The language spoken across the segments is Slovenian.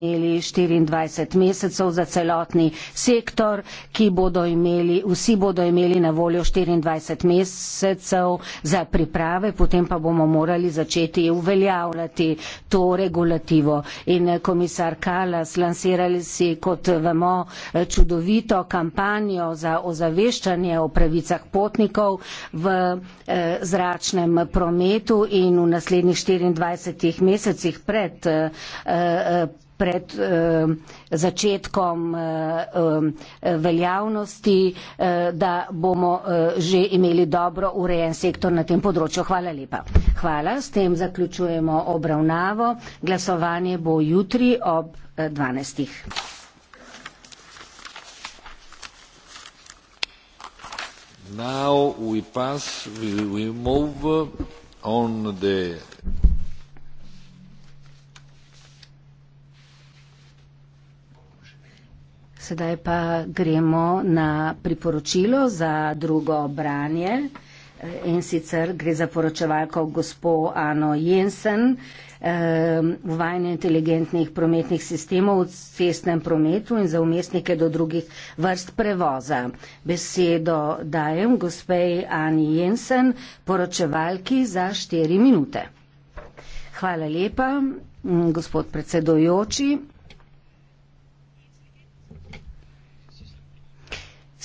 imeli 24 mesecev za celotni sektor, ki bodo imeli, vsi bodo imeli na voljo 24 mesecev za priprave, potem pa bomo morali začeti uveljavljati to regulativo. In eh, komisar Kalas, lansirali si, kot vemo, eh, čudovito kampanjo za ozaveščanje o pravicah potnikov v eh, zračnem prometu in v naslednjih 24 mesecih pred pred eh, začetkom eh, veljavnosti, eh, da bomo eh, že imeli dobro urejen sektor na tem področju. Hvala lepa. Hvala. S tem zaključujemo obravnavo. Glasovanje bo jutri ob eh, 12. Now we pass, we, we move on the Sedaj pa gremo na priporočilo za drugo branje in sicer gre za poročevalko gospo Ano Jensen. Eh, uvajanje inteligentnih prometnih sistemov v cestnem prometu in za umestnike do drugih vrst prevoza. Besedo dajem gospej Ani Jensen, poročevalki za 4 minute. Hvala lepa, gospod predsedojoči.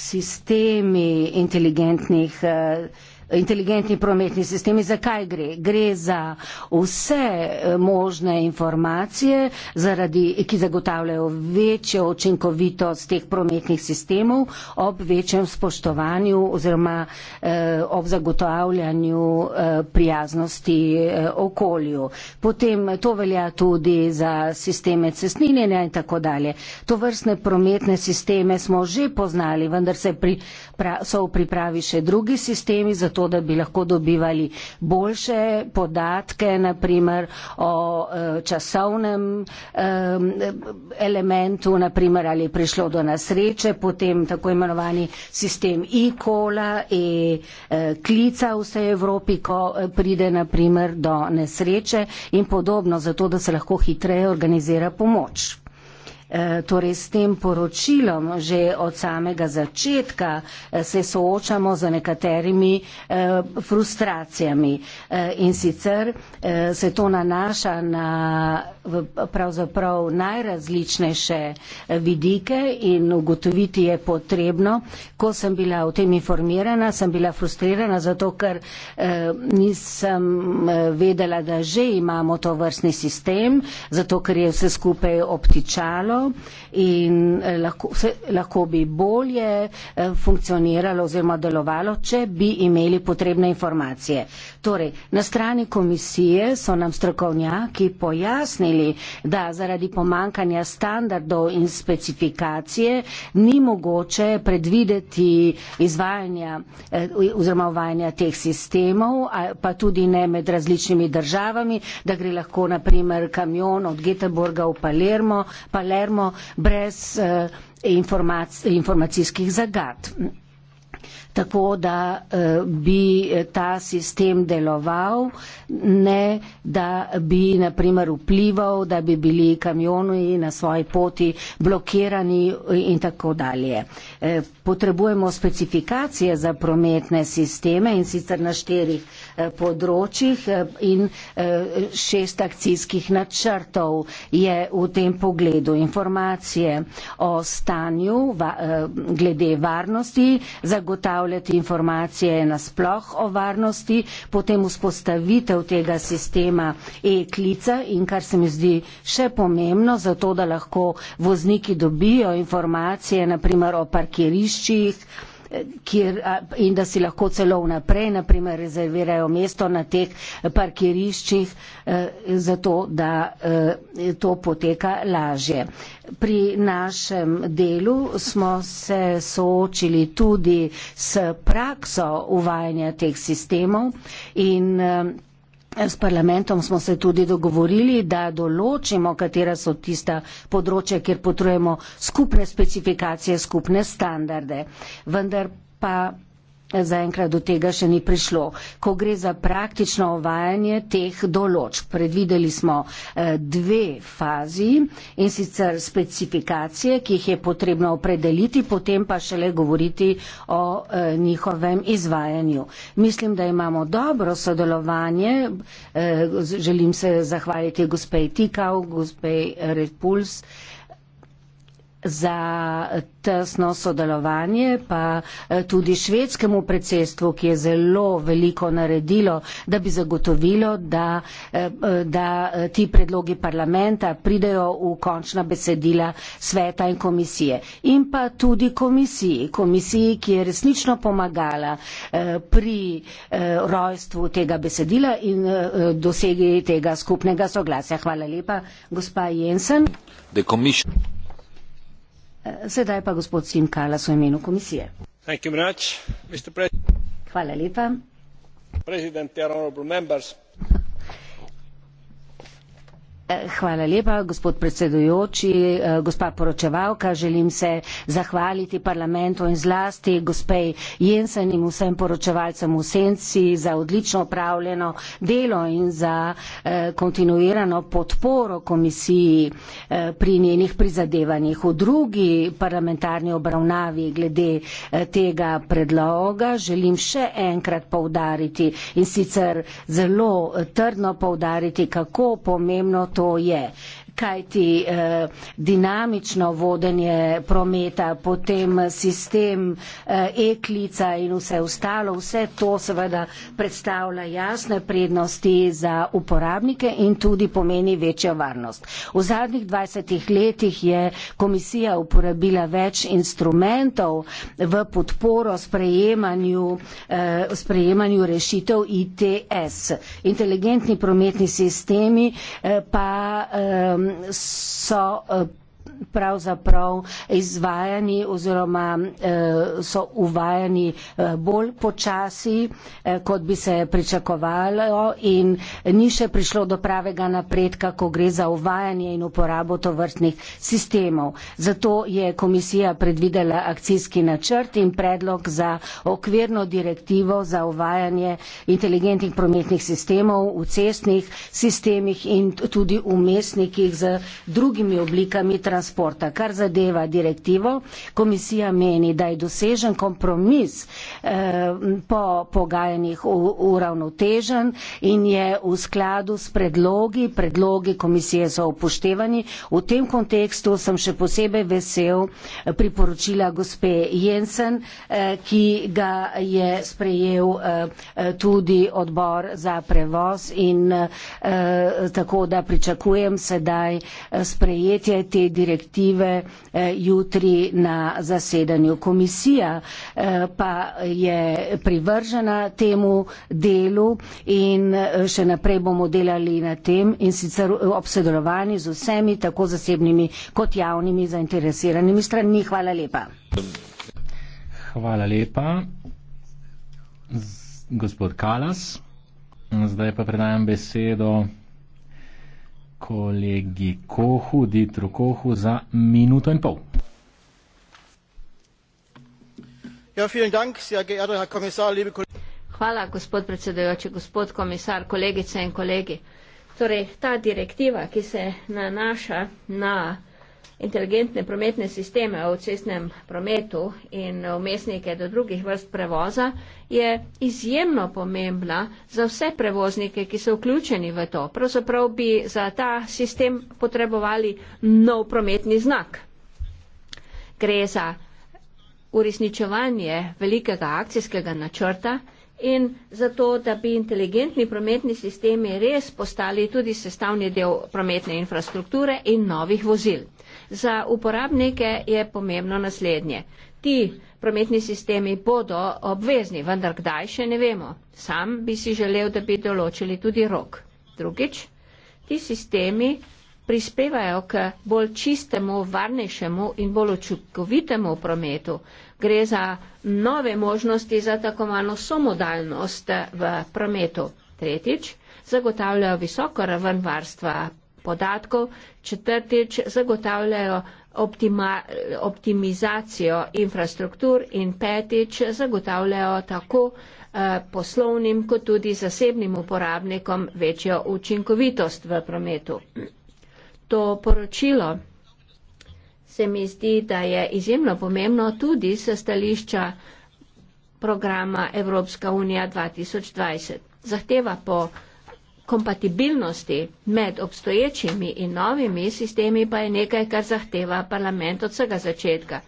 sistemi inteligentnih uh, inteligentni prometni sistemi, zakaj gre? Gre za vse eh, možne informacije, zaradi, ki zagotavljajo večjo učinkovitost teh prometnih sistemov ob večjem spoštovanju oziroma eh, ob zagotavljanju eh, prijaznosti eh, okolju. Potem eh, to velja tudi za sisteme cestninjenja in tako dalje. To vrstne prometne sisteme smo že poznali, vendar se pri, pra, so v pripravi še drugi sistemi, zato to, da bi lahko dobivali boljše podatke, naprimer o e, časovnem e, elementu, naprimer ali je prišlo do nasreče, potem tako imenovani sistem e-kola, e-klica e, v vsej Evropi, ko pride naprimer do nesreče in podobno, zato da se lahko hitreje organizira pomoč. Eh, torej s tem poročilom že od samega začetka eh, se soočamo z nekaterimi eh, frustracijami. In sicer se to nanaša na pravzaprav najrazličnejše vidike in ugotoviti je potrebno. Ko sem bila o tem informirana, sem bila frustrirana zato, ker nisem vedela, da že imamo to vrstni sistem, zato ker je vse skupaj obtičalo in eh, lahko, vse, lahko bi bolje eh, funkcioniralo oziroma delovalo, če bi imeli potrebne informacije. Torej, na strani komisije so nam strokovnjaki pojasnili, da zaradi pomankanja standardov in specifikacije ni mogoče predvideti izvajanja eh, oziroma uvajanja teh sistemov, pa tudi ne med različnimi državami, da gre lahko naprimer kamion od Geteborga v Palermo, Palermo brez eh, informacijskih zagad tako, da eh, bi eh, ta sistem deloval, ne da bi naprimer vplival, da bi bili kamioni na svoji poti blokirani eh, in tako dalje. Potrebujemo specifikacije za prometne sisteme in sicer na štirih področjih in šest akcijskih načrtov je v tem pogledu informacije o stanju glede varnosti, zagotavljanja objavljati informacije nasploh o varnosti, potem vzpostavitev tega sistema e-klica in kar se mi zdi še pomembno, zato da lahko vozniki dobijo informacije, naprimer o parkiriščih, kjer, in da si lahko celo vnaprej, naprimer, rezervirajo mesto na teh parkiriščih, e, zato da e, to poteka lažje. Pri našem delu smo se soočili tudi s prakso uvajanja teh sistemov in e, S parlamentom smo se tudi dogovorili, da določimo, katera so tista področja, kjer potrebujemo skupne specifikacije, skupne standarde. Vendar pa zaenkrat do tega še ni prišlo. Ko gre za praktično ovajanje teh določb, predvideli smo eh, dve fazi in sicer specifikacije, ki jih je potrebno opredeliti, potem pa šele govoriti o eh, njihovem izvajanju. Mislim, da imamo dobro sodelovanje. Eh, želim se zahvaliti gospej Tikav, gospej Repuls za tesno sodelovanje, pa eh, tudi švedskemu predsedstvu, ki je zelo veliko naredilo, da bi zagotovilo, da, eh, eh, da ti predlogi parlamenta pridejo v končna besedila sveta in komisije. In pa tudi komisiji, komisiji, ki je resnično pomagala pri rojstvu tega besedila in dosegi tega skupnega soglasja. Hvala lepa, gospa Jensen. The commission sedaj pa gospod sim kalas v imenu komisije hvala lepa Hvala lepa, gospod predsedujoči, eh, gospa poročevalka. Želim se zahvaliti parlamentu in zlasti gospe Jensen in vsem poročevalcem v Senci za odlično upravljeno delo in za eh, kontinuirano podporo komisiji eh, pri njenih prizadevanjih. V drugi parlamentarni obravnavi glede tega predloga želim še enkrat povdariti in sicer zelo trdno povdariti, kako pomembno to to je kajti eh, dinamično vodenje prometa, potem sistem eh, e-klica eh, in vse ostalo, vse to seveda predstavlja jasne prednosti za uporabnike in tudi pomeni večjo varnost. V zadnjih 20 letih je komisija uporabila več instrumentov v podporo sprejemanju, eh, sprejemanju rešitev ITS. Inteligentni prometni sistemi eh, pa eh, Um, so uh, pravzaprav izvajani oziroma eh, so uvajani eh, bolj počasi, eh, kot bi se pričakovalo in ni še prišlo do pravega napredka, ko gre za uvajanje in uporabo tovrstnih sistemov. Zato je komisija predvidela akcijski načrt in predlog za okvirno direktivo za uvajanje inteligentnih prometnih sistemov v cestnih sistemih in tudi v mestnikih z drugimi oblikami transporta transporta. Kar zadeva direktivo, komisija meni, da je dosežen kompromis eh, po pogajanjih uravnotežen in je v skladu s predlogi, predlogi komisije so upoštevani. V tem kontekstu sem še posebej vesel eh, priporočila gospe Jensen, eh, ki ga je sprejel eh, tudi odbor za prevoz in eh, tako da pričakujem sedaj eh, sprejetje te direktive perspektive eh, jutri na zasedanju. Komisija eh, pa je privržena temu delu in eh, še naprej bomo delali na tem in sicer ob sodelovanju z vsemi tako zasebnimi kot javnimi zainteresiranimi strani. Hvala lepa. Hvala lepa. Gospod Kalas, zdaj pa predajam besedo kolegi Kohu, Ditru Kohu za minuto in pol. Ja, dank, komisar, Hvala, gospod predsedujoči, gospod komisar, kolegice in kolegi. Torej, ta direktiva, ki se nanaša na inteligentne prometne sisteme v cestnem prometu in umestnike do drugih vrst prevoza, je izjemno pomembna za vse prevoznike, ki so vključeni v to. Pravzaprav bi za ta sistem potrebovali nov prometni znak. Gre za uresničevanje velikega akcijskega načrta in zato, da bi inteligentni prometni sistemi res postali tudi sestavni del prometne infrastrukture in novih vozil. Za uporabnike je pomembno naslednje. Ti prometni sistemi bodo obvezni, vendar kdaj še ne vemo. Sam bi si želel, da bi določili tudi rok. Drugič, ti sistemi prispevajo k bolj čistemu, varnejšemu in bolj učinkovitemu prometu. Gre za nove možnosti za tako imenovano somodalnost v prometu. Tretjič, zagotavljajo visoko raven varstva podatkov, četrtič zagotavljajo optima, optimizacijo infrastruktur in petič zagotavljajo tako eh, poslovnim kot tudi zasebnim uporabnikom večjo učinkovitost v prometu. To poročilo se mi zdi, da je izjemno pomembno tudi s stališča programa Evropska unija 2020. Zahteva po kompatibilnosti med obstoječimi in novimi sistemi pa je nekaj, kar zahteva parlament od vsega začetka.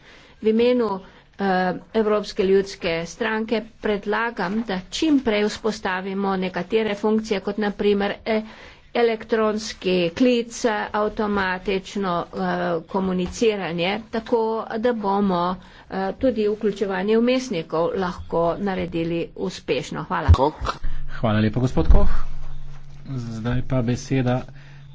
V imenu eh, Evropske ljudske stranke predlagam, da čim prej vzpostavimo nekatere funkcije, kot naprimer eh, elektronski klic, avtomatično eh, komuniciranje, tako da bomo tudi vključevanje umestnikov lahko naredili uspešno. Hvala. Hvala lepa, gospod Koh. Zdaj pa beseda.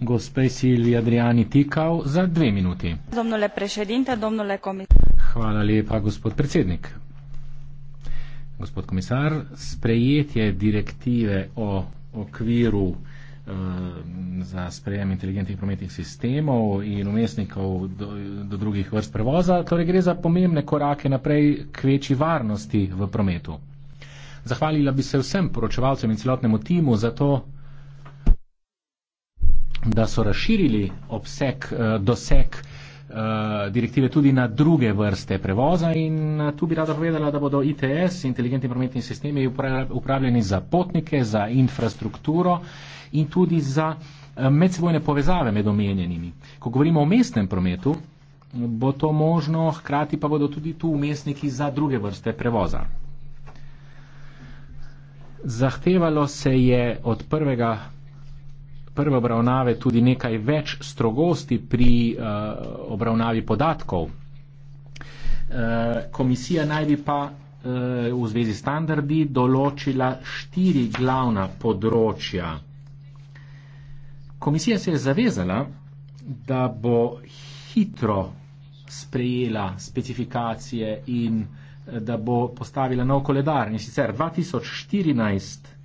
Gospe Silvi Adriani Tikal za dve minuti. Domnule prešedinte, domnule komisar. Hvala lepa, gospod predsednik. Gospod komisar, sprejetje direktive o okviru eh, za sprejem inteligentnih prometnih sistemov in umestnikov do, do drugih vrst prevoza, torej gre za pomembne korake naprej k večji varnosti v prometu. Zahvalila bi se vsem poročevalcem in celotnemu timu za to, da so razširili obseg, eh, doseg eh, direktive tudi na druge vrste prevoza in eh, tu bi rada povedala, da bodo ITS, inteligentni prometni sistemi, upravljeni za potnike, za infrastrukturo in tudi za medsebojne povezave med omenjenimi. Ko govorimo o mestnem prometu, bo to možno, hkrati pa bodo tudi tu umestniki za druge vrste prevoza. Zahtevalo se je od prvega prve obravnave tudi nekaj več strogosti pri uh, obravnavi podatkov. Uh, komisija naj bi pa uh, v zvezi s standardi določila štiri glavna področja. Komisija se je zavezala, da bo hitro sprejela specifikacije in da bo postavila nov koledar in sicer 2014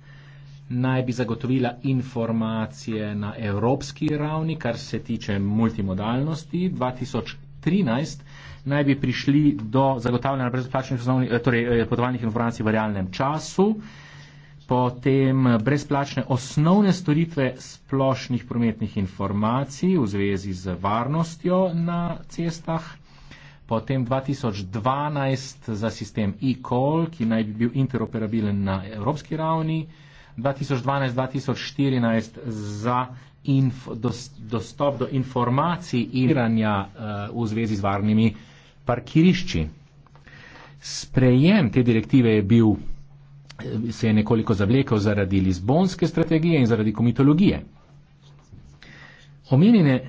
naj bi zagotovila informacije na evropski ravni, kar se tiče multimodalnosti. 2013 naj bi prišli do zagotavljanja brezplačnih eh, torej, eh, potovalnih informacij v realnem času, potem eh, brezplačne osnovne storitve splošnih prometnih informacij v zvezi z varnostjo na cestah, potem 2012 za sistem e-call, ki naj bi bil interoperabilen na evropski ravni, 2012-2014 za inf, dost, dostop do informacij in iranja uh, v zvezi z varnimi parkirišči. Sprejem te direktive je bil, eh, se je nekoliko zavlekel zaradi lizbonske strategije in zaradi komitologije. Omenjene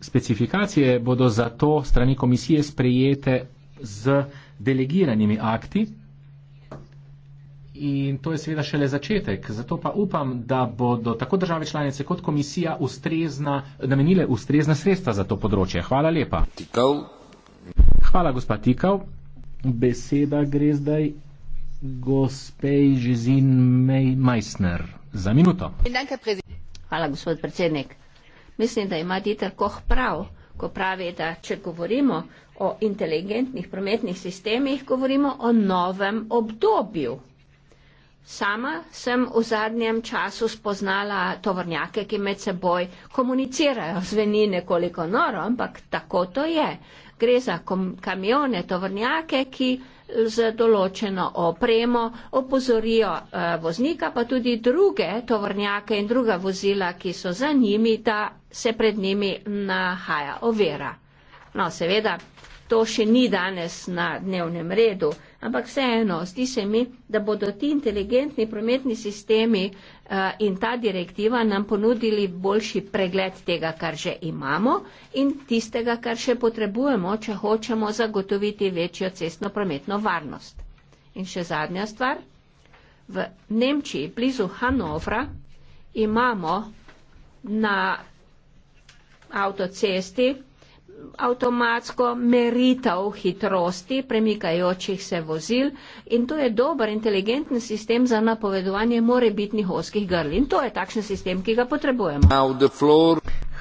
specifikacije bodo zato strani komisije sprejete z delegiranimi akti, In to je seveda šele začetek. Zato pa upam, da bodo tako države članice kot komisija ustrezna, namenile ustrezna sredstva za to področje. Hvala lepa. Tikal. Hvala, gospa Tikal. Beseda gre zdaj gospej Žezin Meissner za minuto. Hvala, gospod predsednik. Mislim, da ima Dieter Koh prav, ko pravi, da če govorimo o inteligentnih prometnih sistemih, govorimo o novem obdobju. Sama sem v zadnjem času spoznala tovornjake, ki med seboj komunicirajo. Zveni nekoliko noro, ampak tako to je. Gre za kamione, tovornjake, ki z določeno opremo opozorijo eh, voznika, pa tudi druge tovornjake in druga vozila, ki so za njimi, da se pred njimi nahaja ovira. No, seveda, to še ni danes na dnevnem redu, ampak vseeno, zdi se mi, da bodo ti inteligentni prometni sistemi eh, in ta direktiva nam ponudili boljši pregled tega, kar že imamo in tistega, kar še potrebujemo, če hočemo zagotoviti večjo cestno prometno varnost. In še zadnja stvar. V Nemčiji, blizu Hanovra, imamo na avtocesti avtomatsko meritev hitrosti premikajočih se vozil in to je dober inteligenten sistem za napovedovanje morebitnih oskih grl in to je takšen sistem, ki ga potrebujemo.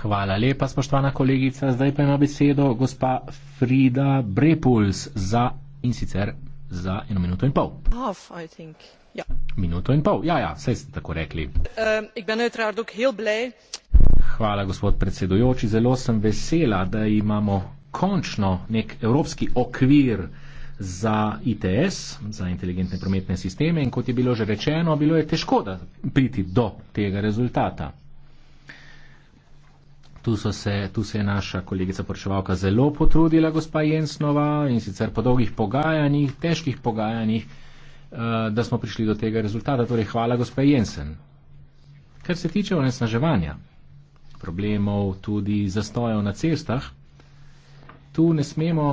Hvala lepa, spoštovana kolegica. Zdaj pa ima besedo gospa Frida Brepuls za in sicer za eno minuto in pol. Half, Ja. Minuto in pol, ja, ja, vse ste tako rekli. Uh, ik ben uiteraard ook heel blij Hvala, gospod predsedujoči. Zelo sem vesela, da imamo končno nek evropski okvir za ITS, za inteligentne prometne sisteme in kot je bilo že rečeno, bilo je težko, da priti do tega rezultata. Tu, se, tu se je naša kolegica poročevalka zelo potrudila, gospa Jensnova, in sicer po dolgih pogajanjih, težkih pogajanjih, eh, da smo prišli do tega rezultata. Torej, hvala, gospa Jensen. Kar se tiče onesnaževanja problemov, tudi zastojev na cestah. Tu ne smemo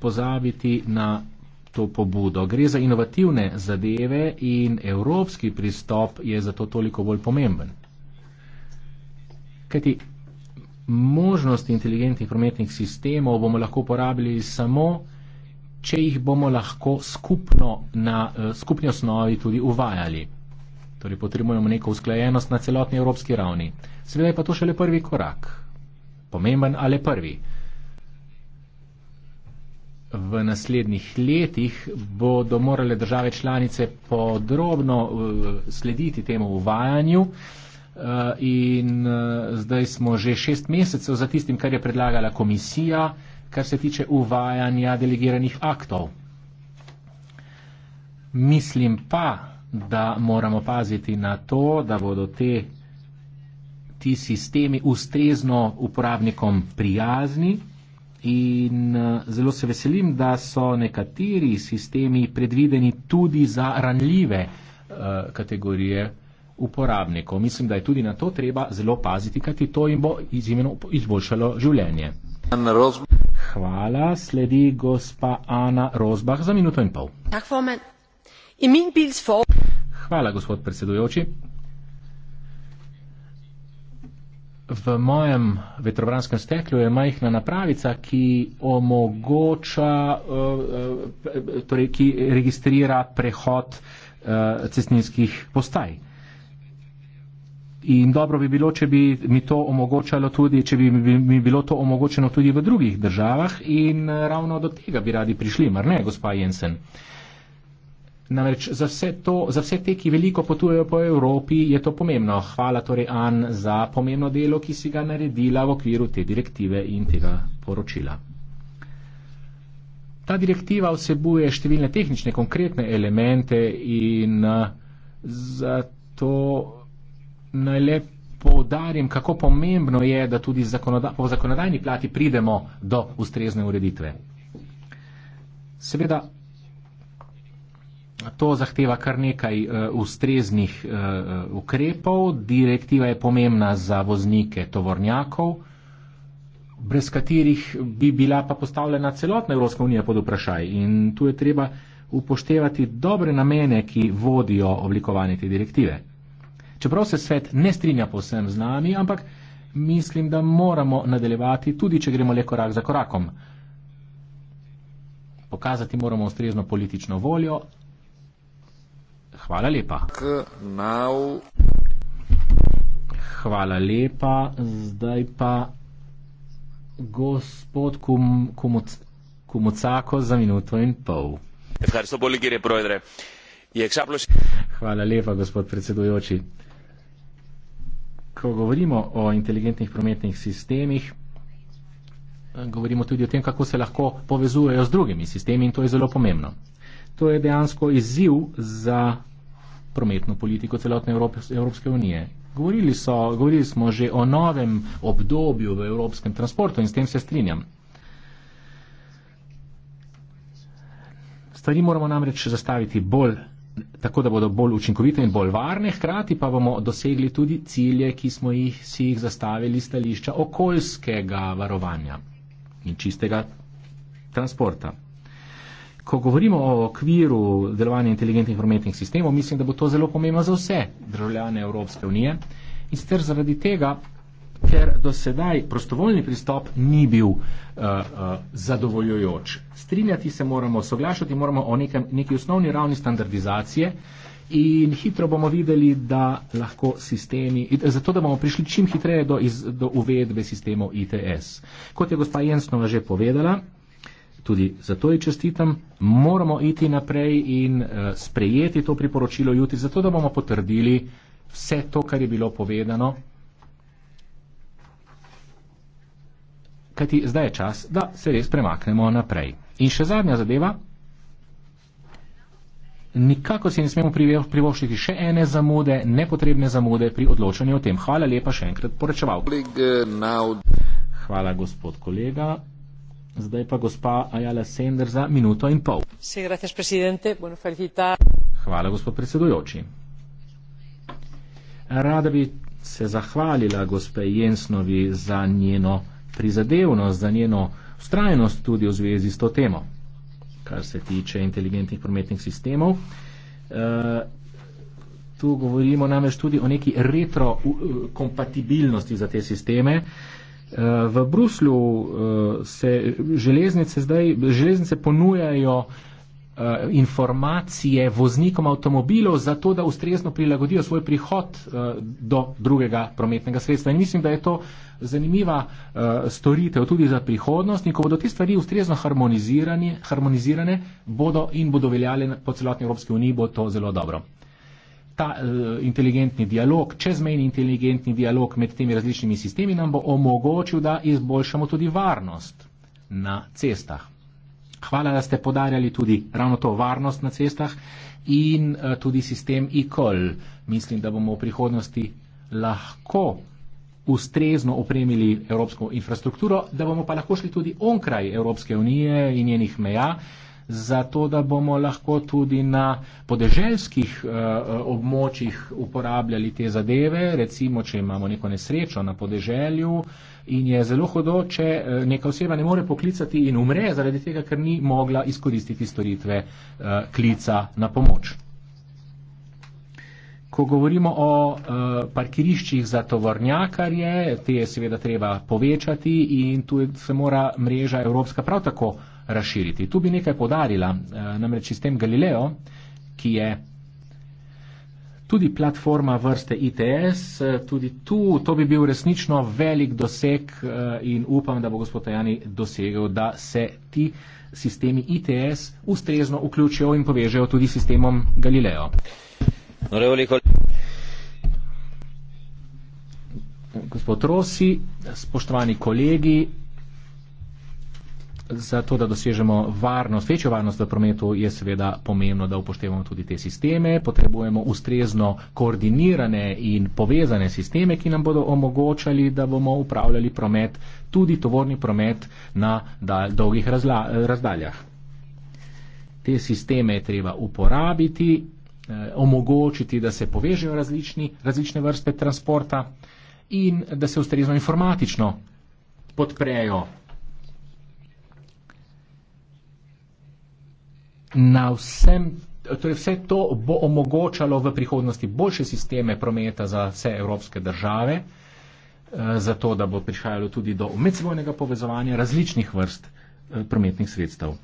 pozabiti na to pobudo. Gre za inovativne zadeve in evropski pristop je zato toliko bolj pomemben. Kajti možnost inteligentnih prometnih sistemov bomo lahko uporabili samo, če jih bomo lahko skupno na eh, skupni osnovi tudi uvajali. Torej potrebujemo neko usklajenost na celotni evropski ravni. Seveda je pa to šele prvi korak. Pomemben ali prvi. V naslednjih letih bodo morale države članice podrobno eh, slediti temu uvajanju eh, in eh, zdaj smo že šest mesecev za tistim, kar je predlagala komisija, kar se tiče uvajanja delegiranih aktov. Mislim pa, da moramo paziti na to, da bodo te, ti sistemi ustrezno uporabnikom prijazni. In eh, zelo se veselim, da so nekateri sistemi predvideni tudi za ranljive uh, kategorije uporabnikov. Mislim, da je tudi na to treba zelo paziti, kajti to jim bo izjemno izboljšalo življenje. Hvala, sledi gospa Ana Rozbah za minuto in pol. Tak, Hvala, gospod predsedujoči. V mojem vetrovranskem steklu je majhna napravica, ki omogoča, eh, eh, torej ki registrira prehod eh, cestninskih postaj. In dobro bi bilo, če bi mi to omogočalo tudi, če bi mi bilo to omogočeno tudi v drugih državah in ravno do tega bi radi prišli, mar ne, gospa Jensen? Uh, Namreč za vse, to, za vse te, ki veliko potujejo po Evropi, je to pomembno. Hvala torej, An, za pomembno delo, ki si ga naredila v okviru te direktive in tega poročila. Ta direktiva vsebuje številne tehnične, konkretne elemente in eh, zato naj le poudarim, kako pomembno je, da tudi zakonoda po zakonodajni plati pridemo do ustrezne ureditve. Seveda, To zahteva kar nekaj uh, ustreznih uh, ukrepov. Direktiva je pomembna za voznike tovornjakov, brez katerih bi bila pa postavljena celotna Evropska unija pod vprašaj. In tu je treba upoštevati dobre namene, ki vodijo oblikovanje te direktive. Čeprav se svet ne strinja povsem z nami, ampak mislim, da moramo nadaljevati, tudi če gremo le korak za korakom. Pokazati moramo ustrezno politično voljo Hvala lepa. Knau. Hvala lepa. Zdaj pa gospod Kum, Kumoc, Kumocako za minuto in pol. Hvala lepa, gospod predsedujoči. Ko govorimo o inteligentnih prometnih sistemih, govorimo tudi o tem, kako se lahko povezujejo z drugimi sistemi in to je zelo pomembno. To je dejansko izziv za prometno politiko celotne Evrope, Evropske unije. Govorili, so, govorili smo že o novem obdobju v evropskem transportu in s tem se strinjam. Stvari moramo namreč zastaviti bolj, tako da bodo bolj učinkovite in bolj varne, hkrati pa bomo dosegli tudi cilje, ki smo jih, si jih zastavili stališča okoljskega varovanja in čistega transporta. Ko govorimo o okviru delovanja inteligentnih prometnih sistemov, mislim, da bo to zelo pomembno za vse državljane Evropske unije. In sicer zaradi tega, ker do sedaj prostovoljni pristop ni bil uh, uh, zadovoljujoč. Strinjati se moramo, soglašati moramo o nekem, neki osnovni ravni standardizacije in hitro bomo videli, da lahko sistemi, eh, zato da bomo prišli čim hitreje do, iz, do uvedbe sistemov ITS. Kot je gospa Jensnova že povedala, Tudi zato ji čestitam. Moramo iti naprej in eh, sprejeti to priporočilo jutri, zato da bomo potrdili vse to, kar je bilo povedano. Kajti zdaj je čas, da se res premaknemo naprej. In še zadnja zadeva. Nikako si ne smemo privoščiti še ene zamude, nepotrebne zamude pri odločanju o tem. Hvala lepa še enkrat poročevalcu. Eh, Hvala, gospod kolega. Zdaj pa gospa Ajala Sender za minuto in pol. Hvala, gospod predsedujoči. Rada bi se zahvalila gospe Jensnovi za njeno prizadevnost, za njeno ustrajnost tudi v zvezi s to temo, kar se tiče inteligentnih prometnih sistemov. Eh, tu govorimo namreč tudi o neki retrokompatibilnosti za te sisteme. V Bruslju eh, se železnice, zdaj, železnice ponujajo eh, informacije voznikom avtomobilov za to, da ustrezno prilagodijo svoj prihod eh, do drugega prometnega sredstva. In mislim, da je to zanimiva storitev tudi za prihodnost. In ko bodo te stvari ustrezno harmonizirane, bodo in bodo veljale po celotni Evropski uniji, bo to zelo dobro ta uh, inteligentni dialog, čezmejni inteligentni dialog med temi različnimi sistemi nam bo omogočil, da izboljšamo tudi varnost na cestah. Hvala, da ste podarjali tudi ravno to varnost na cestah in uh, tudi sistem e-call. Mislim, da bomo v prihodnosti lahko ustrezno opremili evropsko infrastrukturo, da bomo pa lahko šli tudi onkraj Evropske unije in njenih meja. Uh, zato da bomo lahko tudi na podeželskih eh, območjih uporabljali te zadeve, recimo, če imamo neko nesrečo na podeželju in je zelo hudo, če eh, neka oseba ne more poklicati in umre zaradi tega, ker ni mogla izkoristiti storitve eh, klica na pomoč. Ko govorimo o uh, parkiriščih za tovornjakarje, te je seveda treba povečati in tu se mora mreža Evropska prav tako uh, razširiti. Tu bi nekaj podarila, eh, namreč sistem Galileo, ki je tudi platforma vrste ITS, eh, tudi tu, to bi bil resnično velik doseg eh, in upam, da bo gospod Tajani dosegel, da se ti sistemi ITS ustrezno vključijo in povežejo tudi s sistemom Galileo. Gospod Rosi, spoštovani kolegi, za to, da dosežemo varnost, večjo varnost v prometu, je seveda pomembno, da upoštevamo tudi te sisteme. Potrebujemo ustrezno koordinirane in povezane sisteme, ki nam bodo omogočali, da bomo upravljali promet, tudi tovorni promet na dolgih razdaljah. Te sisteme je treba uporabiti, eh, omogočiti, da se povežejo različni, različne vrste transporta in da se ustrezno informatično podprejo na vsem, torej vse to bo omogočalo v prihodnosti boljše sisteme prometa za vse evropske države, eh, zato da bo prišajalo tudi do medsebojnega povezovanja različnih vrst eh, prometnih sredstev.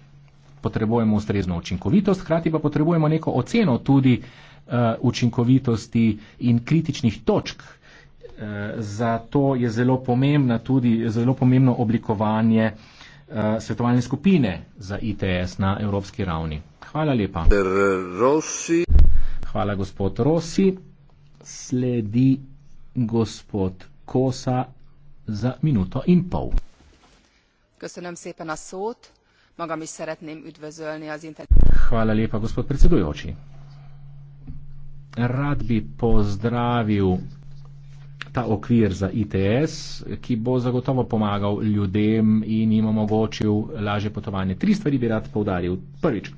Potrebujemo ustrezno učinkovitost, hkrati pa potrebujemo neko oceno tudi eh, učinkovitosti in kritičnih točk. Zato je zelo, tudi, zelo pomembno oblikovanje uh, uh, svetovalne skupine za ITS na evropski ravni. Hvala lepa. Eh, Hvala gospod Rosi. Sledi gospod Kosa za minuto in pol. Köszönöm szépen a szót. Magam is szeretném üdvözölni az internet. Hvala lepa, gospod predsedujoči. Rad bi pozdravil ta okvir za ITS, ki bo zagotovo pomagal ljudem in jim omogočil laže potovanje. Tri stvari bi rad povdaril. Prvič,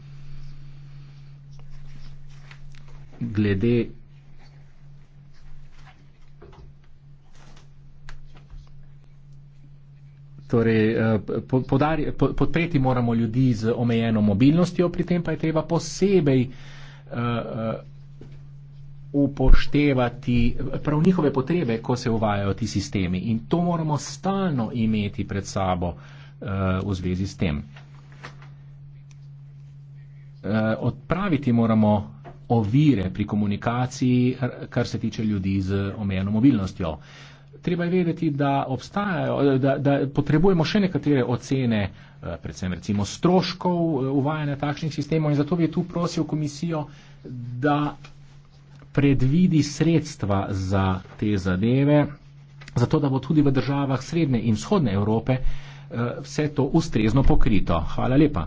glede Torej, eh, podari, podpreti moramo ljudi z omejeno mobilnostjo, pri tem pa je treba posebej eh, eh, upoštevati prav njihove potrebe, ko se uvajajo ti sistemi. In to moramo stalno imeti pred sabo uh, v zvezi s tem. Uh, odpraviti moramo ovire pri komunikaciji, kar se tiče ljudi z omejeno mobilnostjo. Treba je vedeti, da, obstajajo, eh, da, da potrebujemo še nekatere ocene, predvsem recimo stroškov uvajanja takšnih sistemov in zato bi tu prosil komisijo, da predvidi sredstva za te zadeve, zato da bo tudi v državah Srednje in Vzhodne Evrope eh, vse to ustrezno pokrito. Hvala lepa.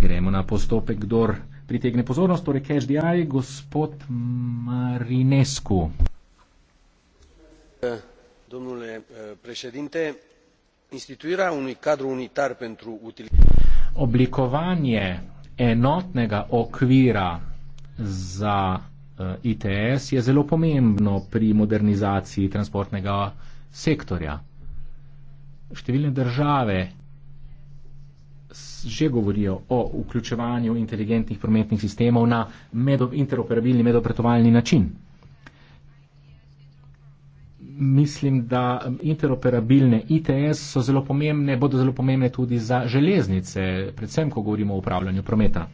Gremo na postopek, kdo pritegne pozornost, torej KSDI, gospod Marinescu. Eh, domnule eh, predsednik, instituira unik kadro unitar pentru utilizacijo. Oblikovanje enotnega okvira za uh, eh, ITS je zelo pomembno pri modernizaciji transportnega sektorja. Številne države že govorijo o vključevanju inteligentnih prometnih sistemov na medo, interoperabilni medopretovalni način. Mislim, da interoperabilne ITS so zelo pomembne, bodo zelo pomembne tudi za železnice, predvsem, ko govorimo o upravljanju prometa.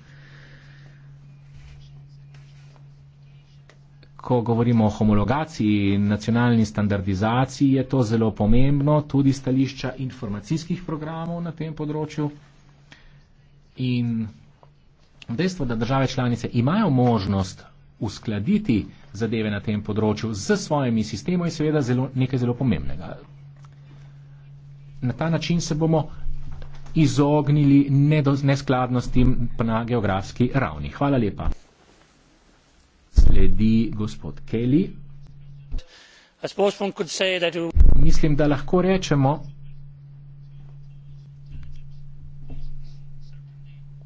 ko govorimo o homologaciji in nacionalni standardizaciji, je to zelo pomembno, tudi stališča informacijskih programov na tem področju. In dejstvo, da države članice imajo možnost uskladiti zadeve na tem področju z svojimi sistemi, je seveda zelo, nekaj zelo pomembnega. Na ta način se bomo izognili neskladnostim na geografski ravni. Hvala lepa. Mislim, da lahko rečemo,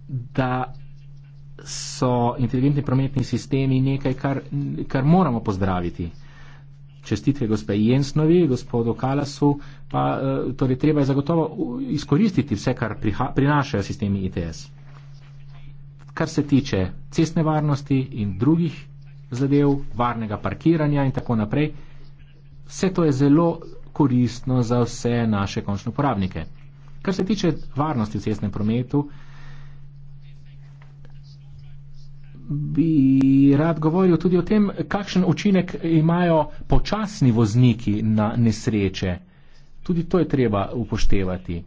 da so inteligentni prometni sistemi nekaj, kar, kar moramo pozdraviti. Čestitke gospe Jensnovi, gospodu Kalasu, pa eh, torej treba je zagotovo izkoristiti vse, kar priha, prinašajo sistemi ITS. E kar se tiče cestne varnosti in drugih zadev, varnega parkiranja in tako naprej. Vse to je zelo koristno za vse naše končne uporabnike. Kar se tiče varnosti v cestnem prometu, bi rad govoril tudi o tem, kakšen učinek imajo počasni vozniki na nesreče. Tudi to je treba upoštevati.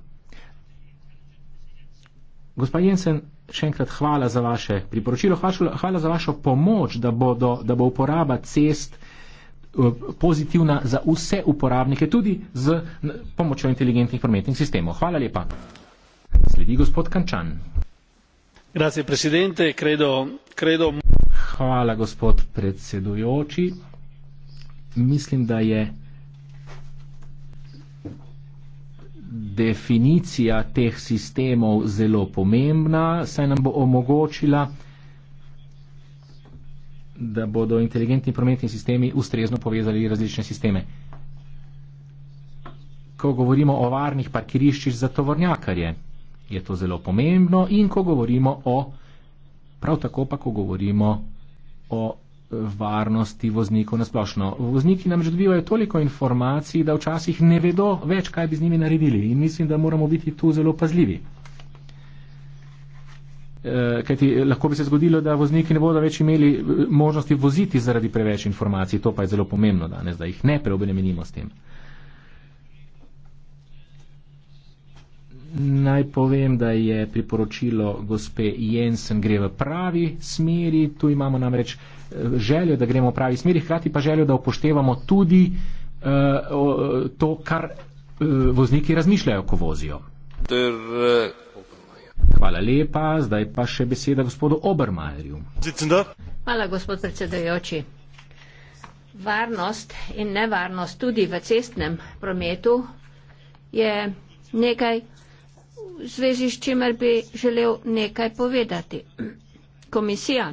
Gospa Jensen, še enkrat hvala za vaše priporočilo, hvala za vašo pomoč, da, bodo, da bo uporaba cest eh, pozitivna za vse uporabnike, tudi z pomočjo inteligentnih prometnih sistemov. Hvala lepa. Sledi gospod Kančan. Grazie, presidente. Credo, credo... Hvala, gospod predsedujoči. Mislim, da je definicija teh sistemov zelo pomembna, saj nam bo omogočila, da bodo inteligentni prometni sistemi ustrezno povezali različne sisteme. Ko govorimo o varnih parkiriščih za tovornjakarje, je to zelo pomembno in ko govorimo o, prav tako pa, ko govorimo o varnosti voznikov nasplošno. Vozniki nam že dobivajo toliko informacij, da včasih ne vedo več, kaj bi z njimi naredili in mislim, da moramo biti tu zelo pazljivi. E, eh, ti, lahko bi se zgodilo, da vozniki ne bodo več imeli eh, možnosti voziti zaradi preveč informacij, to pa je zelo pomembno danes, da jih ne preobremenimo s tem. Naj povem, da je priporočilo gospe Jensen gre v pravi smeri, tu imamo namreč željo, da gremo v pravi smeri, hkrati pa željo, da upoštevamo tudi uh, to, kar uh, vozniki razmišljajo, ko vozijo. Eh, Hvala lepa, zdaj pa še beseda gospodu Obermajerju. Hvala, gospod predsedajoči. Varnost in nevarnost tudi v cestnem prometu je nekaj, v zvezi s čimer bi želel nekaj povedati. Komisija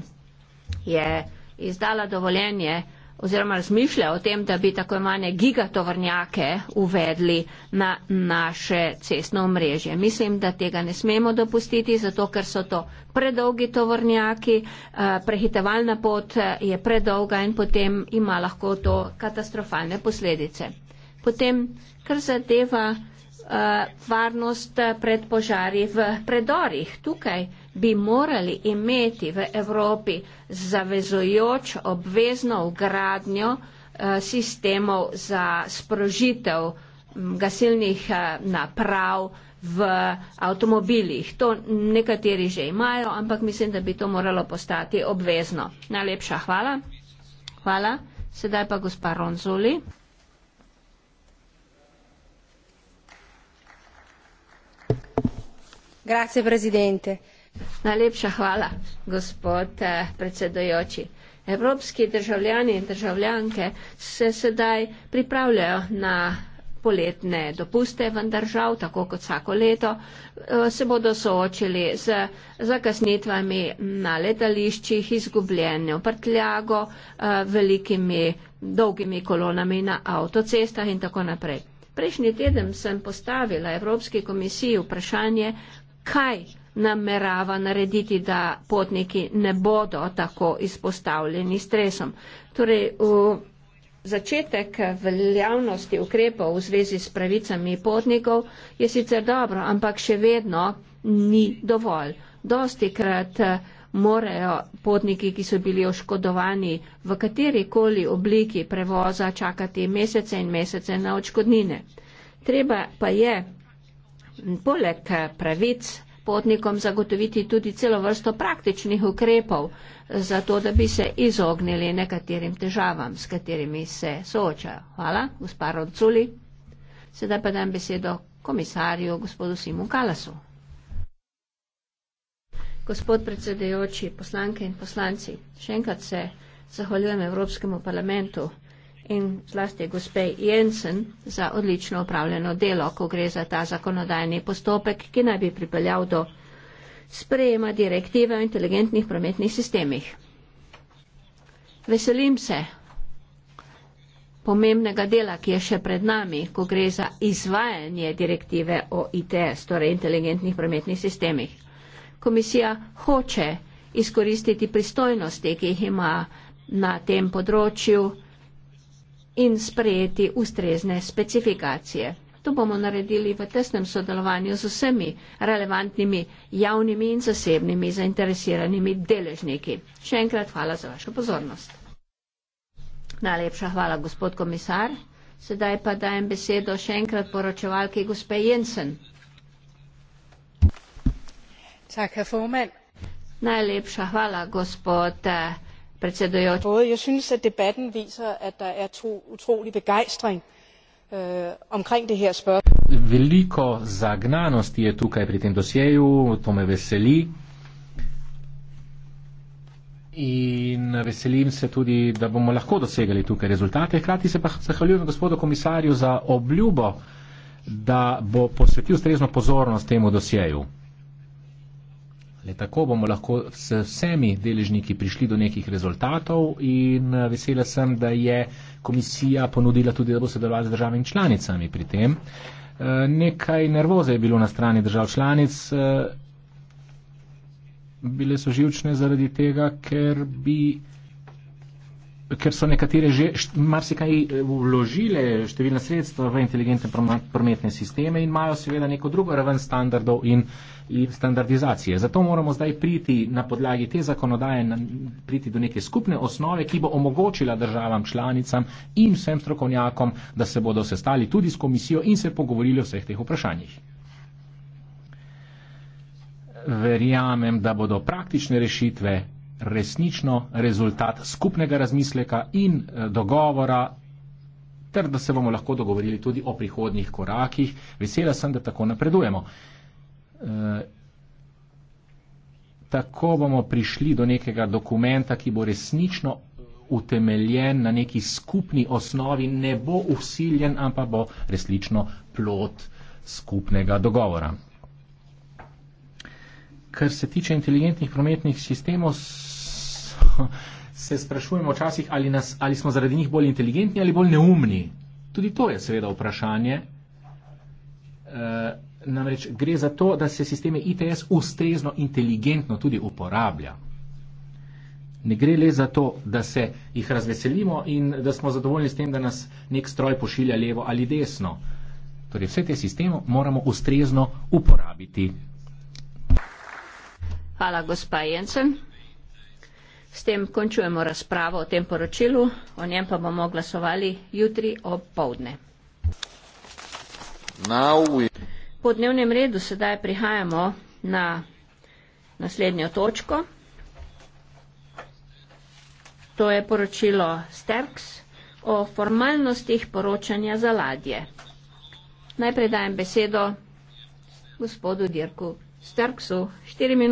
je izdala dovoljenje oziroma razmišlja o tem, da bi tako imane gigatovrnjake uvedli na naše cestno omrežje. Mislim, da tega ne smemo dopustiti, zato ker so to predolgi tovrnjaki, eh, prehitevalna pot eh, je predolga in potem ima lahko to katastrofalne posledice. Potem, kar zadeva eh, varnost pred požari v predorih tukaj, bi morali imeti v Evropi zavezojoč obvezno vgradnjo eh, sistemov za sprožitev gasilnih eh, naprav v avtomobilih. To nekateri že imajo, ampak mislim, da bi to moralo postati obvezno. Najlepša hvala. Hvala. Sedaj pa gospa Ronzuli. Grazie, presidente. Najlepša hvala, gospod eh, predsedujoči. Evropski državljani in državljanke se sedaj pripravljajo na poletne dopuste, vendar žal, tako kot vsako leto, eh, se bodo soočili z zakasnitvami na letališčih, izgubljenjo prtljago, eh, velikimi dolgimi kolonami na avtocestah in tako naprej. Prejšnji teden sem postavila Evropski komisiji vprašanje, kaj namerava narediti, da potniki ne bodo tako izpostavljeni stresom. Torej, Začetek veljavnosti ukrepov v zvezi s pravicami potnikov je sicer dobro, ampak še vedno ni dovolj. Dosti krat eh, morajo potniki, ki so bili oškodovani v katerikoli obliki prevoza, čakati mesece in mesece na očkodnine. Treba pa je poleg pravic potnikom zagotoviti tudi celo vrsto praktičnih ukrepov, zato da bi se izognili nekaterim težavam, s katerimi se soočajo. Hvala, gospa Roncoli. Sedaj pa dam besedo komisarju, gospodu Simu Kalasu. Gospod predsedujoči, poslanke in poslanci, še enkrat se zahvaljujem Evropskemu parlamentu in zlasti gospe Jensen za odlično upravljeno delo, ko gre za ta zakonodajni postopek, ki naj bi pripeljal do sprejema direktive o inteligentnih prometnih sistemih. Veselim se pomembnega dela, ki je še pred nami, ko gre za izvajanje direktive o ITS, torej inteligentnih prometnih sistemih. Komisija hoče izkoristiti pristojnosti, ki jih ima na tem področju, in sprejeti ustrezne specifikacije. To bomo naredili v tesnem sodelovanju z vsemi relevantnimi javnimi in zasebnimi zainteresiranimi deležniki. Še enkrat hvala za vašo pozornost. Najlepša hvala, gospod komisar. Sedaj pa dajem besedo še enkrat poročevalki gospe Jensen. Tak, Najlepša hvala, gospod. Eh, jeg synes at debatten viser at der er to utrolig begejstring uh, omkring det her spørgsmål. Veliko zagnanosti je tukaj pri tem dosjeju, to me veseli. In veselim se tudi, da bomo lahko dosegali tukaj rezultate. Hkrati se pa zahvaljujem gospodu komisarju za obljubo, da bo posvetil strezno pozornost temu dosjeju. Le tako bomo lahko s vsemi deležniki prišli do nekih rezultatov in eh, vesela sem, da je komisija ponudila tudi, da bo sodelovala z državami in članicami pri tem. Eh, nekaj nervoze je bilo na strani držav članic. Eh, bile so živčne zaradi tega, ker bi ker so nekatere že marsikaj eh, vložile številna sredstva v inteligentne prometne sisteme in imajo seveda neko drugo raven standardov in, in standardizacije. Zato moramo zdaj priti na podlagi te zakonodaje, na, priti do neke skupne osnove, ki bo omogočila državam, članicam in vsem strokovnjakom, da se bodo sestali tudi s komisijo in se pogovorili o vseh teh vprašanjih. Verjamem, da bodo praktične rešitve resnično rezultat skupnega razmisleka in eh, dogovora ter da se bomo lahko dogovorili tudi o prihodnih korakih. Vesela sem, da tako napredujemo. E, tako bomo prišli do nekega dokumenta, ki bo resnično utemeljen na neki skupni osnovi, ne bo usiljen, ampak bo resnično plot skupnega dogovora kar se tiče inteligentnih prometnih sistemov, se sprašujemo včasih, ali, nas, ali smo zaradi njih bolj inteligentni ali bolj neumni. Tudi to je seveda vprašanje. E, namreč gre za to, da se sisteme ITS ustrezno inteligentno tudi uporablja. Ne gre le za to, da se jih razveselimo in da smo zadovoljni s tem, da nas nek stroj pošilja levo ali desno. Torej vse te sisteme moramo ustrezno uporabiti. Hvala, gospa Jensen. S tem končujemo razpravo o tem poročilu, o njem pa bomo glasovali jutri ob povdne. Po dnevnem redu sedaj prihajamo na naslednjo točko. To je poročilo Sterks o formalnostih poročanja za ladje. Najprej dajem besedo gospodu Dirku Sterksu. Štiri minute.